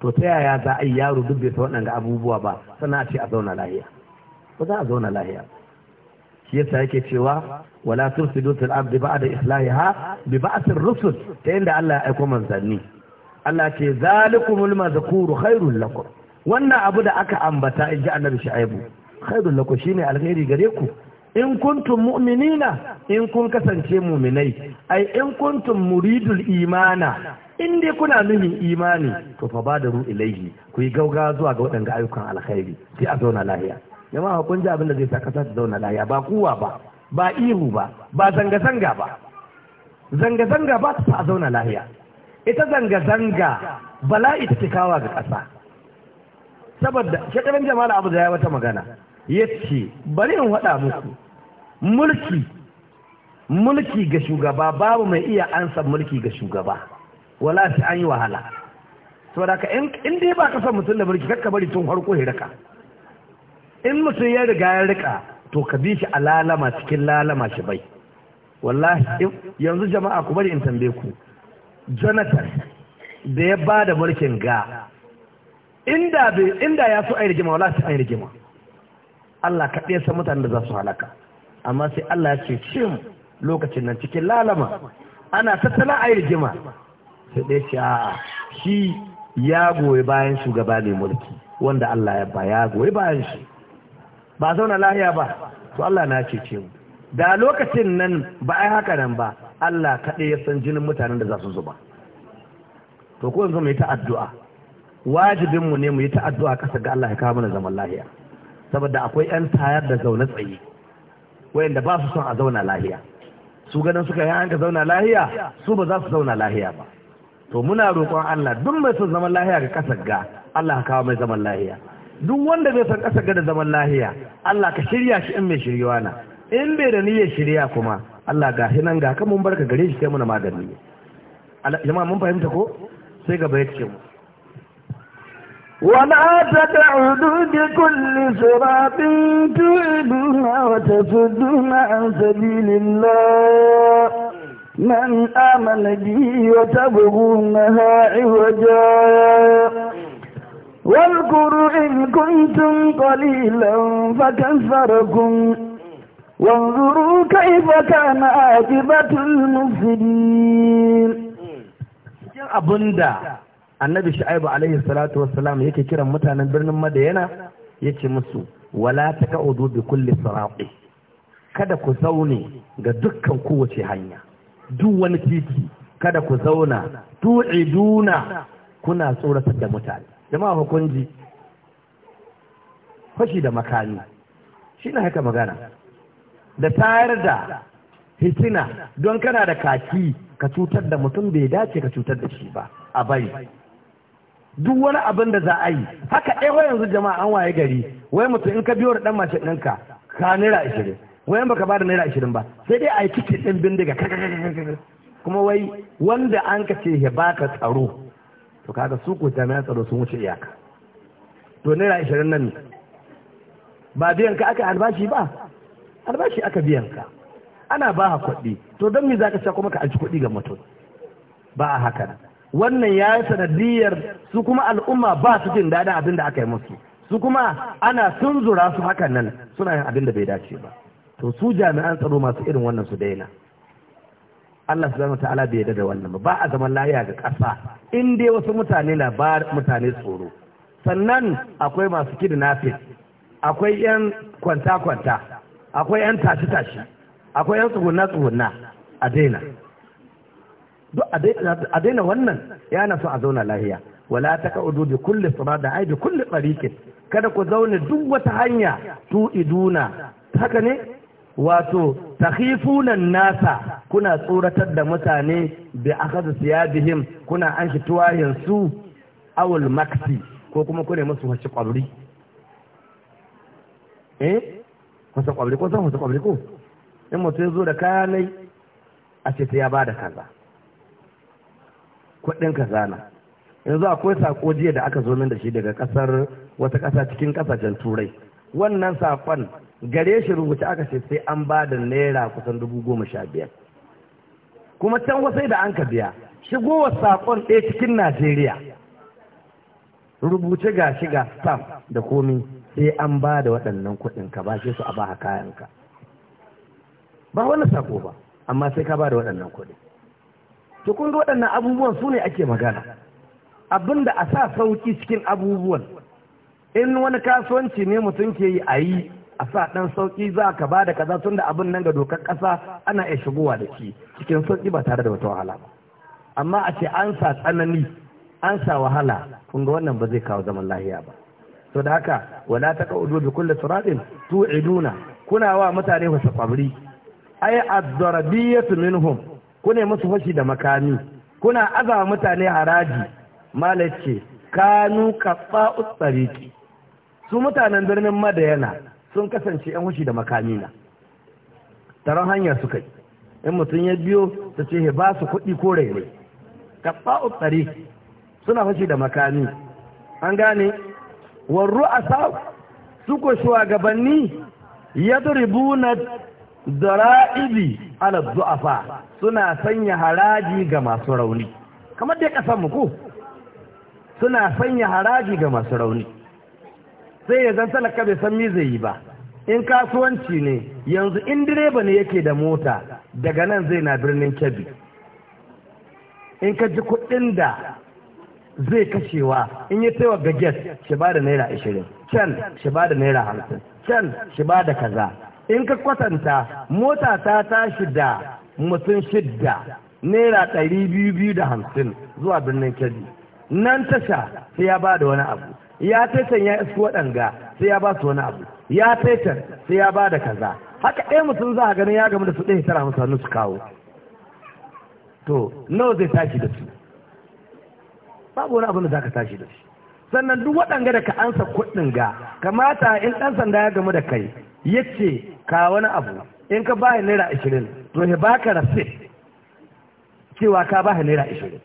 to ta yaya za a yi yaro duk bai ga abubuwa ba sana ce a zauna lahiya ba za a zauna lahiya shi yasa yake cewa wala tursidu fil ardi ba'da islahiha bi ba'sir rusul ta inda Allah ya aiko manzanni Allah ce zalikumul mazkuru khairul lakum wannan abu da aka ambata in ji annabi bu khairul lakum shine alheri gare ku in kuntum mu'minina in kun kasance mu'minai ai in kuntum muridul imana in dai kuna nuhin imani to fa ba da ru laihi ku yi gauga zuwa ga waɗanda ayyukan alkhairi sai a zauna lahiya jama'a kun ji abin da zai sa kasa ta zauna lahiya ba kuwa ba ba ihu ba ba zanga zanga ba zanga zanga ba ta a zauna lahiya ita zanga zanga bala'i ta kawa ga ƙasa saboda shekaran jama'a abu da ya wata magana ya ce bari in faɗa muku mulki mulki ga shugaba babu mai iya ansa mulki ga shugaba wala sai an yi wahala to da ka in dai ba ka son mutum da mulki kakka bari tun farko ya rika in mutum ya riga ya rika to ka bi shi a lalama cikin lalama shi bai wallahi yanzu jama'a ku bari in tambaye ku jonathan da ya ba da mulkin ga inda inda ya so a yi rigima wala sai an yi rigima Allah ka ɗaya san mutanen da za su halaka amma sai Allah ya ce cin lokacin nan cikin lalama ana tattala a yi rigima sai shi shi ya goyi bayan shugaba mai mulki wanda Allah ya ba ya goyi bayan shi ba zauna lahiya ba to Allah na cece mu da lokacin nan ba ai haka nan ba Allah kaɗai ya san jinin mutanen da za su zuba to ko yanzu mu yi ta'addu'a wajibin ne mu yi ta'addu'a kasa ga Allah ya kawo mana zaman lahiya saboda akwai yan tayar da zaune tsaye wayanda ba su son a zauna lahiya su ganin suka yi an ka zauna lahiya su ba za su zauna lahiya ba to muna roƙon Allah duk mai son zaman lahiya ga ƙasar ga Allah ka kawo mai zaman lahiya duk wanda bai son ƙasar ga da zaman lahiya Allah ka shirya shi in mai shiryawa na in bai da niyyar shirya kuma Allah ga hinan ga kan mun barka gare shi kai muna magani jama'a mun fahimta ko sai gaba ya ce mu ولا تقعدوا بكل صراط تعدون وتصدون عن سبيل الله من آمن به وتبغونها عوجا واذكروا إن كنتم قليلا فكثركم وانظروا كيف كان عاقبة المفسدين abunda annabi shu'aibu alaihi salatu wassalam yake kiran mutanen birnin madayana yace musu wala taqa'udu bi kulli sirati kada ku zaune ga dukkan kowace hanya duk wani titi kada ku zauna tu'iduna kuna tsoratar da mutane jama'a hukunji fashi da makami shi na haka magana da tayar da hitina don kana da kaki ka cutar da mutum bai dace ka cutar da shi ba a bari duk wani abin da za a yi haka ɗaya yanzu jama'a an waye gari wai mutum in ka biyo da ɗan mashin ɗinka ka nira ashirin wayan baka bada naira ashirin ba sai dai a yi ticket ɗin bindiga kuma wai wanda an ka ce ya baka tsaro to kaga su ko jami'an tsaro sun wuce iyaka to naira ashirin nan ne ba biyan ka aka albashi ba albashi aka biyan ka ana ba kuɗi to don me za ka sha kuma ka aji kuɗi ga mutum ba a haka wannan ya yi sanadiyar su kuma al'umma ba su jin daɗin abin da aka yi musu su kuma ana sun zura su hakan nan suna yin abin da bai dace ba to su jami'an tsaro masu irin wannan su daina Allah subhanahu ta'ala bai yarda da wannan ba a zaman lafiya ga ƙasa in dai wasu mutane na ba mutane tsoro sannan akwai masu kidnapping akwai yan kwanta kwanta akwai yan tashi tashi akwai yan tsuguna tsuguna a daina duk a daina wannan na so a zauna lafiya wala ta udu bi kulli sirada ai bi kulli tariqin kada ku zauna duk wata hanya tu iduna haka ne wato takhifunan nasa kuna tsoratar da mutane bi akhadhu siyabihim kuna an shi tuwayen su awul maksi ko kuma kuna musu wacce kwabri eh Wasa kwabri ko san wasa kwabri ko in mutum ya zo da kayanai a ce ya ba da kaza kudin kaza na yanzu akwai sako jiya da aka zo min da shi daga kasar wata ƙasa cikin ƙasashen turai wannan sakon gare shi rubuce aka ce sai an ba da naira kusan dubu goma sha biyar kuma can wasai da an ka biya shigowar saƙon ɗaya cikin najeriya rubuce ga shiga stamp da komi sai an ba da waɗannan kuɗin ka ba su a ba kayanka ba wani saƙo ba amma sai ka ba da waɗannan kuɗi to kun ga waɗannan abubuwan su ne ake magana abin da a sa sauki cikin abubuwan in wani kasuwanci ne mutum ke yi a yi a sa ɗan sauƙi za ka ba da kaza tun da abin nan ga dokar ƙasa ana iya shigowa da shi cikin sauki ba tare da wata wahala ba amma a ce an sa tsanani an sa wahala kun ga wannan ba zai kawo zaman lahiya ba to da haka wala ta kaudu bi kulli siratin tu'iduna kuna wa mutane wasu kwabri ay ad minhum kuna musu fashi da makami kuna azawa mutane haraji malace kanu qafa'u tsariki su mutanen birnin madayana sun kasance yan wuce da makami na taron hanyar suka yi in mutum ya biyo ta ce ba su kuɗi ko raini kaɓa'u tsari suna fashe da makami an gane warru a sau su ko shugabanni ya turibu na zara'ibi ala du'afa suna sanya haraji ga masu rauni kamar dai ƙasar mu muku suna sanya haraji ga masu rauni sai ya zan talaka bai san me zai yi ba in kasuwanci ne yanzu in direba ne yake da mota daga nan zai na birnin kebbi in ka ji kuɗin da zai kashewa in yi taiwa ga get shi ba da naira ashirin can shi ba da naira hamsin can shi ba da kaza in ka kwatanta mota ta tashi da mutum shidda naira ɗari biyu biyu da hamsin zuwa birnin kebbi nan tasha sai ya ba da wani abu ya taitan ya isu waɗanga sai ya ba su wani abu ya taitan sai ya ba da kaza haka ɗaya mutum za a ganin ya gama da su ɗaya tara musu hannu su kawo to nawa zai tashi da su babu wani abu da za ka tashi da su sannan duk waɗanga da ka ansa kuɗin ga kamata in ɗan sanda ya gama da kai ya ce ka wani abu in ka ba naira ashirin to ya ka rasit cewa ka ba naira ashirin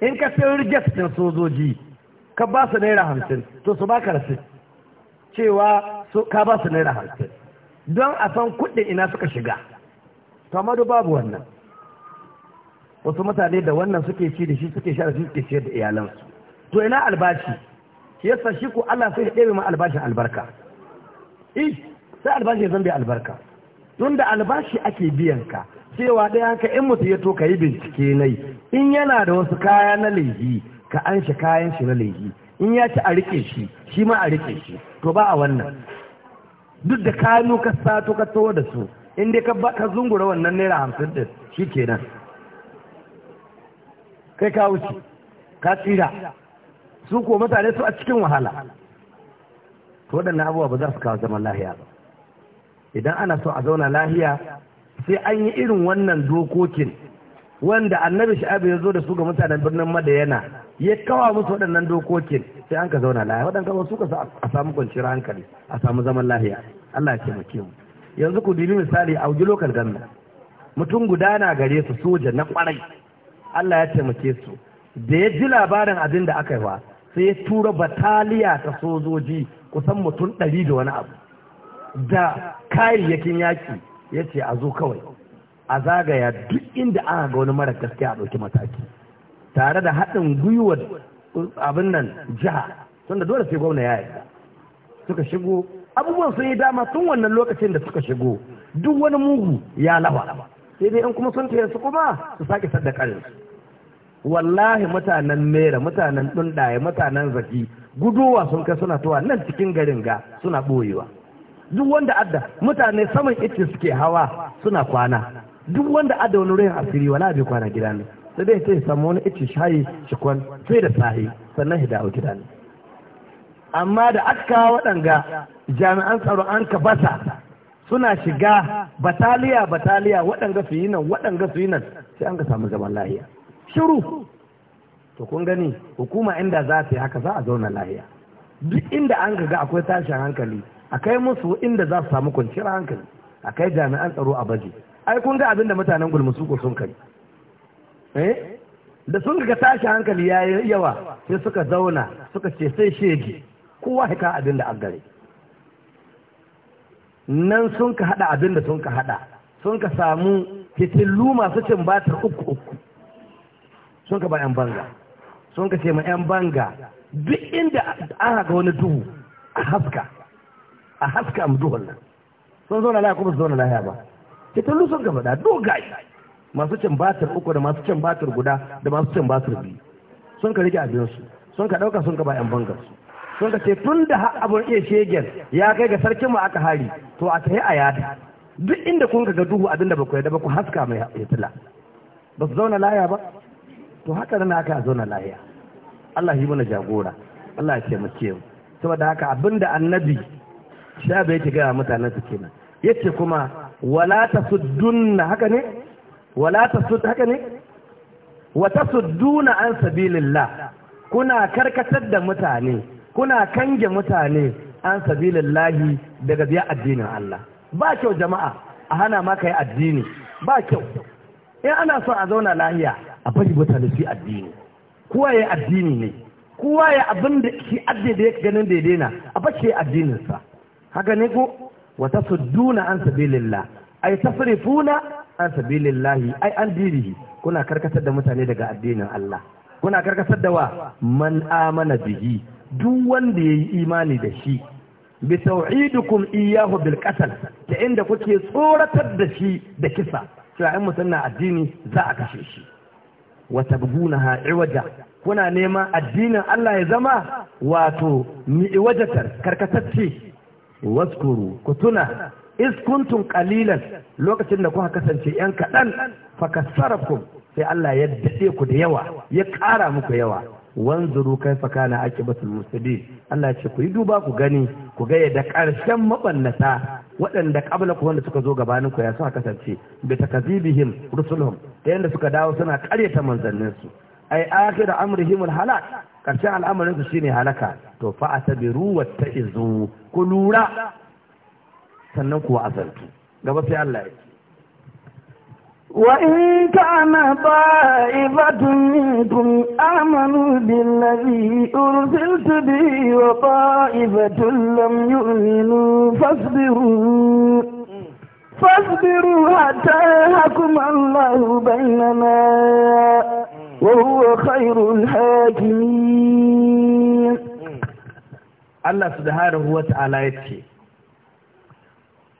in ka sayar rijet ɗin sojoji ka ba su naira hamsin to su baka rasu cewa ka ba su naira hamsin don a san kuɗin ina suka shiga to amma babu wannan wasu mutane da wannan suke ci da shi suke sha da shi suke ciyar da iyalansu to ina albashi Ki yasa shi ko Allah sai ya ɗebe ma albashin albarka eh sai albashi zan biya albarka tun da albashi ake biyan ka cewa ɗaya ka in mutu ya to ka yi bincike nai in yana da wasu kaya na lehi ka an kayan shi na laifi in ya ci a rike shi shi ma a rike shi to ba a wannan duk da kanu ka sato ka tsawo da su in dai ka ka zungura wannan naira hamsin da shi kenan kai ka wuce ka tsira su ko mutane su a cikin wahala to waɗannan abubuwa ba za su kawo zaman lahiya ba idan ana so a zauna lahiya sai an yi irin wannan dokokin wanda annabi sha'abu ya zo da su ga mutanen birnin madayana ya kawa musu waɗannan dokokin sai an ka zauna lahiya waɗanda ba su ka a samu kwanciyar hankali a samu zaman lahiya Allah ya taimake mu yanzu ku dubi misali a wuji lokal ganna mutum guda na gare su soja na kwarai Allah ya taimake su da ya ji labarin abin da aka yi wa sai ya tura bataliya ta sojoji kusan mutum ɗari da wani abu da kayayyakin yaƙi ya ce a zo kawai a zagaya duk inda aka ga wani mara gaskiya a ɗauki mataki tare da haɗin gwiwar abin nan jiha tunda dole sai gwamna ya yarda suka shigo abubuwan sun yi dama tun wannan lokacin da suka shigo duk wani mugu ya lawa sai dai in kuma sun tayar su kuma su sake saddakarin su wallahi mutanen mera mutanen dundaye mutanen zaki gudowa sun kai suna towa nan cikin garin ga suna boyewa duk wanda adda mutane saman ita suke hawa suna kwana duk wanda adda wani ruhin asiri wala bai kwana gida ne sai dai sai samu wani ice shayi cikon sai da sahi sannan ya dawo gida ne amma da aka kawo waɗanga jami'an tsaro an ka basa suna shiga bataliya bataliya waɗanga su yi nan waɗanga su yi nan sai an ka samu zaman lahiya shiru to kun gani hukuma inda za ta yi haka za a zauna lahiya duk inda an ga akwai tashin hankali a kai musu inda za su samu kwanciyar hankali a kai jami'an tsaro a baje ai kun ga abinda da mutanen gulmusu sun kai Eh? da sun ga tashi hankali ya yi yawa sai suka zauna suka ce sai shege kowa hika abin da agare nan sun ka hada abin da sun ka hada sun ka samu fitillu masu cin batar uku uku sun ka ba 'yan banga sun ka ce ma 'yan banga duk inda an haka wani duhu a haska a haska mu duhun nan sun zauna laya kuma su zauna laya ba fitillu sun ka faɗa dogayi masu can batir uku da masu can batir guda da masu can batir biyu sun ka rike abinsu sun ka ɗauka sun ka ba 'yan bangarsu sun ka ce tun da abin iya shegen ya kai ga sarkin mu aka hari to a tahi a yada duk inda kun ga duhu abin da bakwai da ba ku haska mai fitila ba su zauna laya ba to haka nan aka zauna laya Allah yi mana jagora Allah ya taimake mu saboda haka abin da annabi sha bai ta ga mutanen su kenan yace kuma wala tasuddunna haka ne wala tasud haka ne wa tasudduna an sabilillah kuna karkatar da mutane kuna kange mutane an sabilillah daga biya addinin Allah ba kyau jama'a a hana ma kai addini ba kyau in ana so a zauna lahiya a bari mutane su addini kowa ya addini ne kowa ya abin da shi addini da ya ganin daidai na a bace addininsa haka ne ko wa tasudduna an sabilillah ay tasrifuna an sabilillahi ai an dirihi kuna karkatar da mutane daga addinin Allah kuna karkatar da wa man amana bihi duk wanda yayi imani da shi bi tauhidukum iyyahu bil qatl ta inda kuke tsoratar da shi da kisa cewa in mutum addini za a kashe shi wa tabgunaha iwaja kuna nema addinin Allah ya zama wato ni iwajatar karkatacce waskuru ku Iskuntun kalilan lokacin da kuka kasance yan kaɗan fakassarakum sai Allah ya dade ku da yawa ya ƙara muku yawa wanzuru na kana aqibatul mustadin Allah ya ce ku yi duba ku gani ku ga yadda ƙarshen mabannata waɗanda ƙabla ku wanda suka zo gabanin ku ya suka kasance bi takazibihim rusulhum ta yanda suka dawo suna ƙaryata manzanninsu ai akhir amrihim halak ƙarshen al'amarin su shine halaka to fa atabiru wattaizu ku lura sannan kuwa a azantu gaba sai Allah ya وإن كان طائفة منكم آمنوا بالذي أرسلت به وطائفة لم يؤمنوا فاصبروا فاصبروا حتى يحكم الله بيننا وهو خير الحاكمين الله سبحانه وتعالى يتكي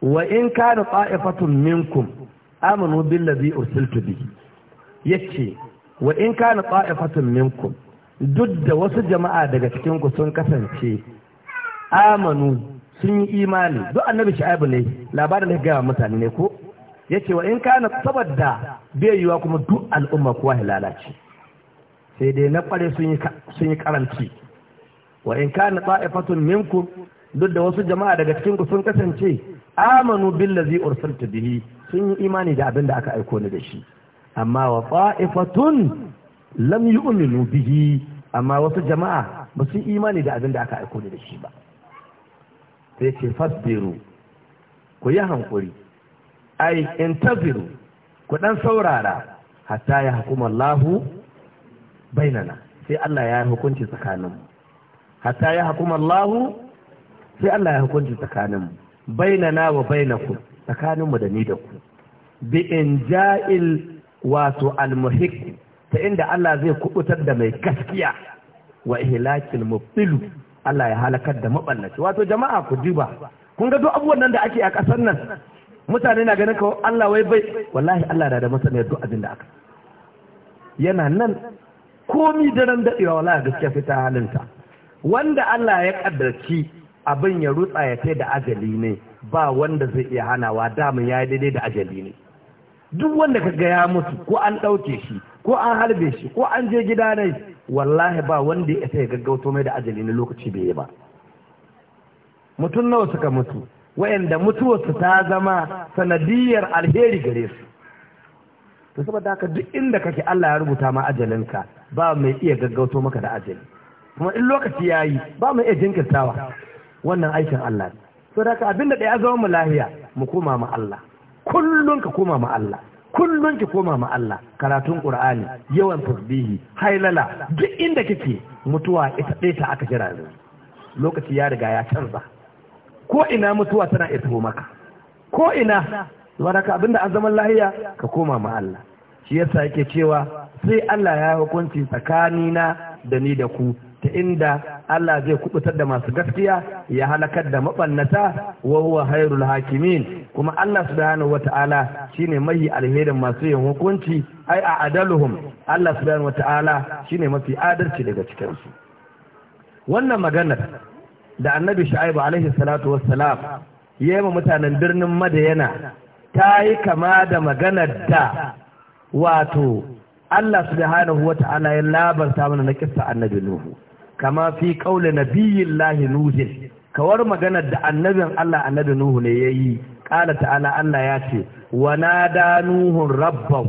wa in kana ta'ifatun minkum amanu billazi ursiltu bihi yace wa in kana ta'ifatun minkum duk da wasu jama'a daga cikin ku sun kasance amanu sun yi imani duk annabi shu'aibu ne labarin da ga mutane ne ko yace wa in kana saboda bai yiwa kuma duk al'umma kowa lalace sai dai na kware sun yi sun yi karanci wa in kana ta'ifatun minkum duk da wasu jama'a daga cikin ku sun kasance amanu billazi ursiltu bihi sun yi imani da abin da aka aiko ni da shi amma wa ta'ifatun lam yu'minu bihi amma wasu jama'a ba su imani da abin da aka aiko ni da shi ba sai ce fasbiru ku yi hankuri ai intaziru ku dan saurara hatta ya hukuma Allahu bainana sai Allah ya hukunci tsakaninmu hatta ya hukuma Allahu sai Allah ya hukunci tsakaninmu bainana wa bainakum mu da ni da ku bi ja'il wato almuhiq ta inda Allah zai kubutar da mai gaskiya wa ihlakil mubtil Allah ya halakar da maballaci wato jama'a ku duba kun ga duk abubuwan nan da ake a kasar nan mutane na ganin kawai Allah wai bai wallahi Allah na da masaniyar duk abin da aka yana nan komi daren dadewa wallahi gaskiya fita halinta wanda Allah ya kaddarci abin ya rutsa ya da ajali ne ba wanda zai iya hanawa damun ya yi daidai da ajali ne duk wanda ka ga ya mutu ko an ɗauke shi ko an harbe shi ko an je gida ne wallahi ba wanda ya ya gaggauto mai da ajali ne lokaci bai yi ba mutum nawa suka mutu wayanda mutuwarsu ta zama sanadiyar alheri gare su to saboda haka duk inda kake Allah ya rubuta ma ajalinka ba mai iya gaggauto maka da ajali kuma in lokaci ya yi ba mai iya jinkirtawa wannan aikin Allah ne so da abin da zama mu lahiya mu koma ma Allah kullum ka koma ma Allah kullum ki koma ma Allah karatun ƙur'ani, yawan tasbihi hailala duk inda kike mutuwa ita ɗaya ta aka kira yanzu lokaci ya riga ya canza ko ina mutuwa tana iya taho maka ko ina waraka abinda an zama lahiya ka koma ma Allah shi yasa yake cewa sai Allah ya hukunci tsakanina da ni da ku ta inda Allah zai kubutar da masu gaskiya ya halakar da mabannata wa huwa hayrul hakimin kuma Allah subhanahu wata'ala shine mai alherin masu yin hukunci ai a adaluhum Allah subhanahu wata'ala shine mafi adalci daga cikin su wannan maganar da annabi shu'aibu alaihi salatu wassalam ya mutanen birnin madayana ta yi kama da maganar da wato Allah subhanahu wata'ala ya labarta mana na kissa annabi Nuhu كما في قول نبي الله نوح كوار مغانا دا النبي الله النبي نوح نيي قال تعالى الله ياتي ونادى نوح ربه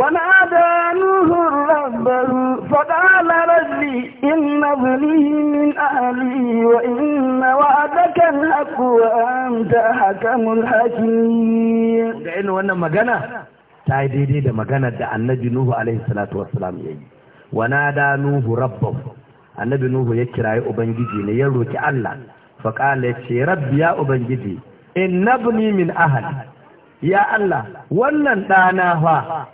ونادى نوح ربه فقال ربي إن ابني من أهلي وإن وعدك الحق وأنت حكم الحكيم. إنه أنا مجانا تاي دي دي ده مجانا ده النبي نوح عليه الصلاة والسلام يجي. wa da nuhu rabbahu annabi nuhu ya kirayi ubangiji ne ya roki Allah fa qala ya ce rabbi ya ubangiji innabni min ahli ya Allah wannan dana fa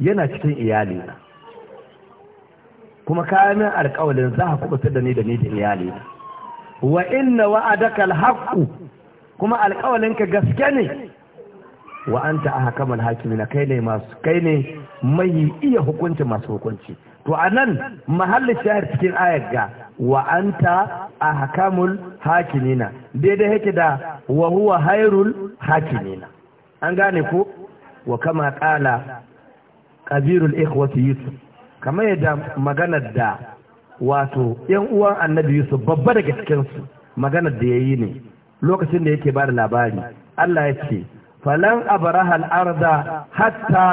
yana cikin iyali na kuma kayan alƙawalin za ka kubutar da ni da ni da iyali na wa inna wa'adaka alhaqu kuma alƙawalin ka gaske ne wa anta ahkamul hakimin kai ne masu kai ne mai iya hukunci masu hukunci to a nan mahallin shahar cikin ayar ga wa anta a hakamul hakimina daidai yake da wahuwa hairul hakimina an gane ko wa kama kala kabirul ikhwati yusuf kamar yadda maganar da wato yan uwan annabi yusuf babba daga cikinsu maganar da ya yi ne lokacin da yake ba da labari allah ya ce falan abrahal arda hatta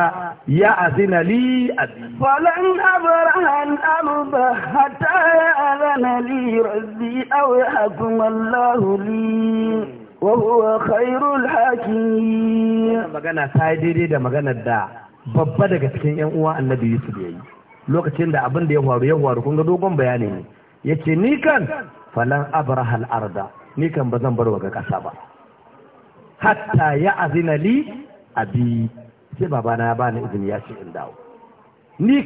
ya azina li abi falan abrahal arda hatta ya azina li rabbi aw yahkum allah li wa huwa khairul hakim magana ta daidai da maganar da babba daga cikin yan uwa annabi yusuf yayi lokacin da abin da ya faru ya faru kun ga dogon bayani ne yace ni kan falan abrahal arda nikan kan bazan bar wa ga kasa ba hatta ya azina li abi sai babana ya bani izini ya ce in dawo ni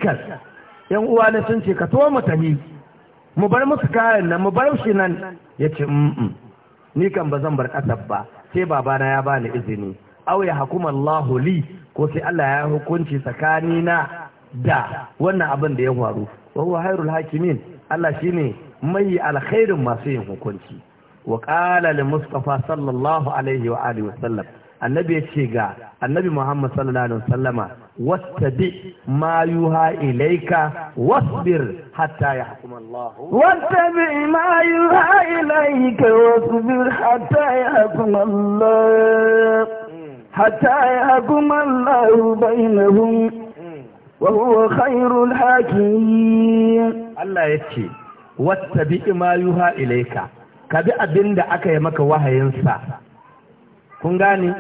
yan uwa na sun ce ka to mu tafi mu bar musu kayan nan mu bar shi nan ya ce mm ni kan ba zan bar kasar ba sai babana ya bani izini aw ya hukuma li ko sai Allah ya hukunci na da wannan abin da ya faru wa huwa hakimin Allah shine mai alkhairin masu yin hukunci وقال للمصطفى صلى الله عليه وآله وسلم النبي يشيغا النبي محمد صلى الله عليه وسلم واتبع ما يوحى إليك واصبر حتى يحكم الله واتبع ما يوحى إليك واصبر حتى يحكم الله حتى يحكم الله بينهم وهو خير الحاكمين الله يشي واتبع ما يوحى إليك ka bi abin da aka yi maka wahayinsa kun gane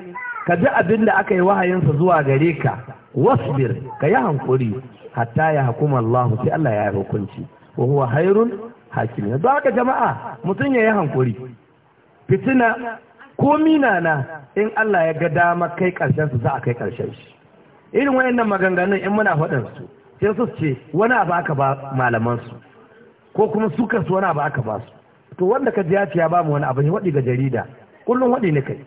ka bi abin da aka yi wahayinsa zuwa gare ka wasbir ka yi hankuri hatta ya hakuma Allah sai Allah ya yi hukunci wa huwa hayrun hakim don haka jama'a mutum ya yi hankuri fitina ko na in Allah ya ga dama kai karshen su za a kai karshen shi irin wayannan maganganun in muna faɗin su sai su ce wani abu aka ba malaman su ko kuma su wani abu aka ba su to wanda ka jiya ya ba mu wani abu ne waɗi ga jarida kullum waɗi ne kai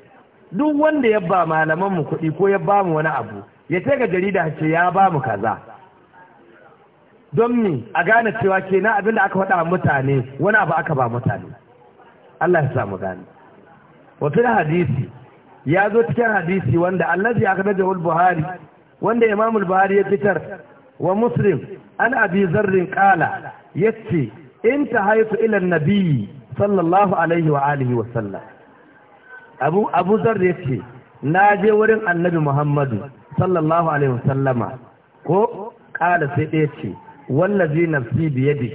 duk wanda ya ba malaman mu kuɗi ko ya ba mu wani abu ya ce ga jarida ce ya ba mu kaza don mi a gane cewa kenan abin da aka faɗa mutane wani abu aka ba mutane Allah ya sa mu gane wa fil hadisi ya zo cikin hadisi wanda allazi akhrajahu Wal buhari wanda imam al-buhari ya fitar wa muslim an abi zarrin qala yace in haitu ila an-nabi sallallahu alaihi wa alihi wa sallam abu abu zar yace na je wurin annabi muhammadu sallallahu alaihi wa sallama ko kala sai ɗaya ce wallazi nafsi biyadi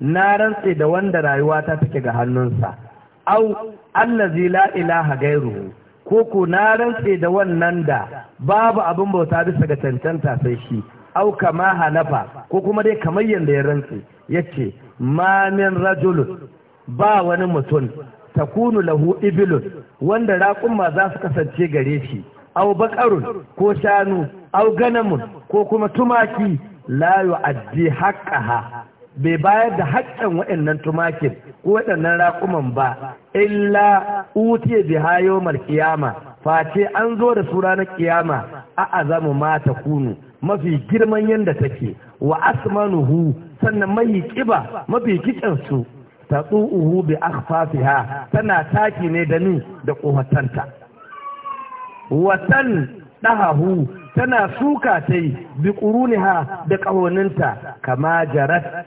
na rantse da wanda ta take ga hannunsa au allazi la ilaha gairuhu ko ko na rantse da wannan da babu abin bauta bisa ga cancanta sai shi au kama hanafa ko kuma dai kamar yadda ya rantse yace ma min rajulun ba wani mutum takunu lahu ibilun wanda raƙumma za su kasance gare shi au baƙarun ko shanu au ganamun ko kuma tumaki la yu'addi haqqaha bai bayar da haƙƙin waɗannan tumakin ko waɗannan raƙuman ba illa utiye bi hayo kiyama face an zo da su ranar kiyama a azamu ma ta kunu mafi girman yadda take wa asmanuhu sannan mai kiba mafi kitsen su tsu'uhu bi akhfafiha tana taki ne da ni da ƙohatanta watan ɗahahu tana suka ta yi bi ha da ƙahoninta kama jarat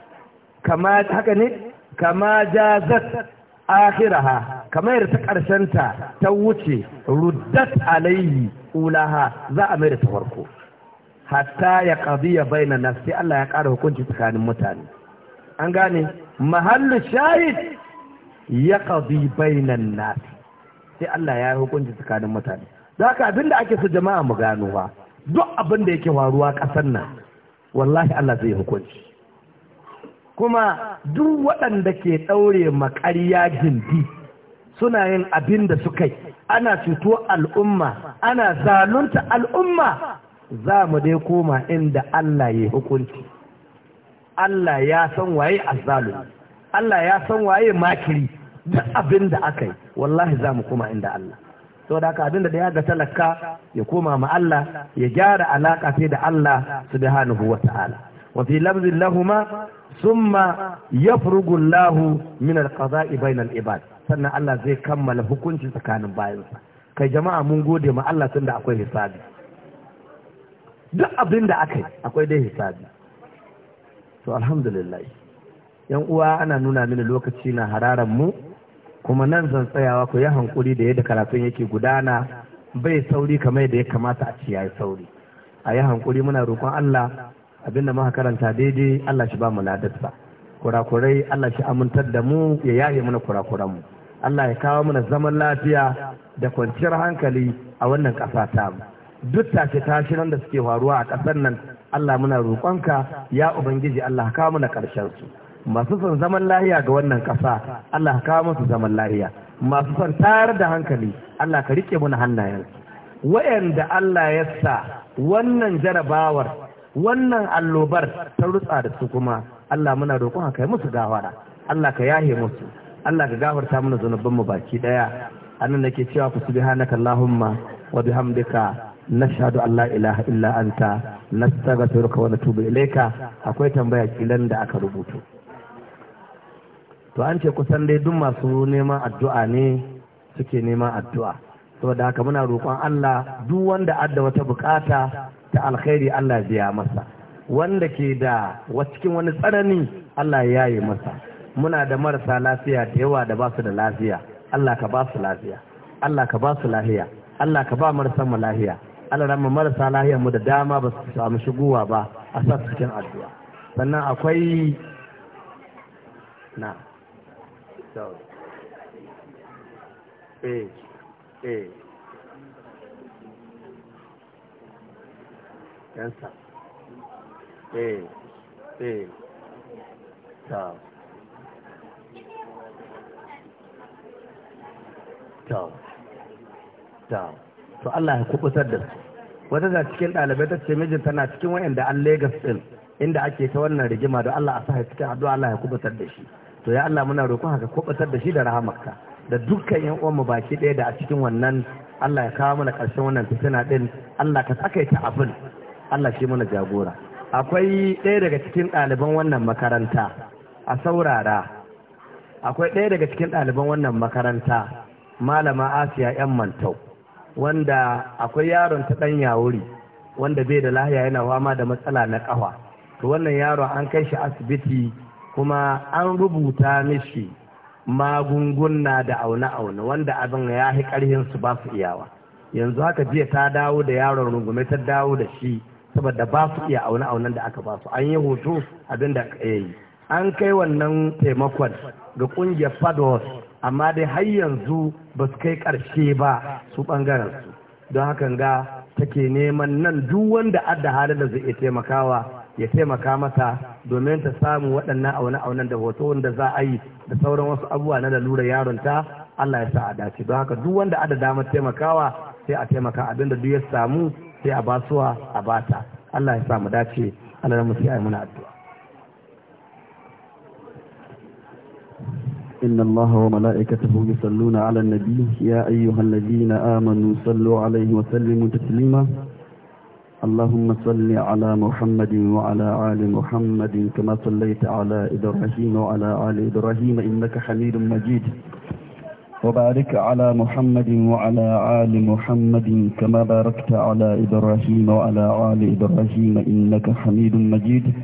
kama haka ne kama jazat akhiraha kama ta ƙarshenta ta wuce ruddat alayhi ulaha za a mai da ta farko hatta ya qadiya na nafsi Allah ya ƙara hukunci tsakanin mutane an gane mahallu shahid ya kazi bainan nasi sai Allah ya yi hukunci tsakanin mutane za ka abinda ake so jama'a mu gano ba duk abin yake waruwa ƙasar nan wallahi Allah zai hukunci kuma duk waɗanda ke ɗaure maƙarya gindi suna yin abin da suka yi ana cuto al'umma ana zalunta al'umma za mu dai koma inda Allah ya hukunci Allah ya san waye azzalu Allah ya san waye makiri duk abin da aka yi wallahi za mu koma inda Allah saboda haka abin da ya ga talaka ya koma ma Allah ya gyara alaka sai da Allah subhanahu wa ta'ala wa fi lafzin lahuma summa yafrugu Allah min al-qada'i bainal ibad sannan Allah zai kammala hukunci tsakanin bayansa kai jama'a mun gode ma Allah tunda akwai hisabi duk abin da aka yi akwai dai hisabi to alhamdulillah yan uwa ana nuna mini lokaci na hararan mu kuma nan zan tsayawa ku yi hankuri da yadda karatun yake gudana bai sauri kamar yadda ya kamata a ci yayi sauri a yi hankuri muna roƙon Allah abinda muka karanta daidai Allah shi ba mu ladarsa kurakurai Allah shi amintar da mu ya yaye mana kurakuran mu Allah ya kawo mana zaman lafiya da kwanciyar hankali a wannan ƙasa ta duk tashe nan da suke faruwa a ƙasar nan Allah muna roƙonka ya ubangiji Allah ka muna ƙarshen su masu son zaman lahiya ga wannan ƙasa Allah ka musu zaman lahiya masu son tayar da hankali Allah ka rike muna hannayen wayanda Allah ya sa wannan jarabawar wannan allobar ta rutsa da su kuma Allah muna roƙon kai musu gawara Allah ka yahe musu Allah ka gafarta mana zunubanmu baki daya anan nake cewa ku subhanaka allahumma wa bihamdika نشهد أن لا إله إلا أنت نستغفرك ونتوب إليك akwai tambaya kilan da aka rubutu. to an ce kusan dai duk masu neman addu'a ne suke neman addu'a saboda haka muna roƙon Allah duk wanda adda wata bukata ta alkhairi Allah biya masa wanda ke da cikin wani tsanani Allah ya yi masa muna da marasa lafiya da yawa da basu da lafiya Allah ka ba su lafiya Allah ka ba su lafiya Allah ka ba marasa lafiya Allah rama marasa lahiyar mu da dama ba su samu shigowa ba a sa cikin addu'a sannan akwai na eh eh eh eh to Allah ya kubutar da su wata da cikin ɗalibai ta ce mijin tana cikin wa'anda an Legas din inda ake ta wannan rigima da Allah a sa cikin addu'a Allah ya kubutar da shi to ya Allah muna roƙon haka kubutar da shi da rahamarka da dukkan yan mu baki ɗaya da a cikin wannan Allah ya kawo mana ƙarshen wannan fitina din Allah ka tsakaita abin Allah shi mana jagora akwai ɗaya daga cikin ɗaliban wannan makaranta a saurara akwai ɗaya daga cikin ɗaliban wannan makaranta malama Asiya yan mantau wanda akwai yaron ta ɗan yawuri wanda bai da lahiya yana fama da matsala na ƙafa to wannan yaron an kai shi asibiti kuma an rubuta mishi magunguna da aune-aune wanda abin ya yi ƙarhin su ba su iyawa yanzu haka jiya ta dawo da yaron rungume ta dawo da shi saboda ba su iya aune-aunen da aka ba su an yi hoto abin da ya yi an kai wannan taimakon ga ƙungiyar Fados. amma dai har yanzu ba su kai ƙarshe ba su ɓangaren su don hakan ga take neman nan duk wanda adda halin da zai iya taimakawa ya taimaka mata domin ta samu waɗannan aune-aunen da hoto wanda za a yi da sauran wasu abubuwa na lalura yaronta Allah ya sa a dace don haka duk wanda ada damar taimakawa sai a taimaka abinda duk ya samu sai a basuwa a bata Allah ya sa mu dace Allah ya mu sai muna addu'a إن الله وملائكته يصلون على النبي يا أيها الذين آمنوا صلوا عليه وسلموا تسليما اللهم صل على محمد وعلى آل محمد كما صليت على إبراهيم وعلى آل إبراهيم إنك حميد مجيد وبارك على محمد وعلى آل محمد كما باركت على إبراهيم وعلى آل إبراهيم إنك حميد مجيد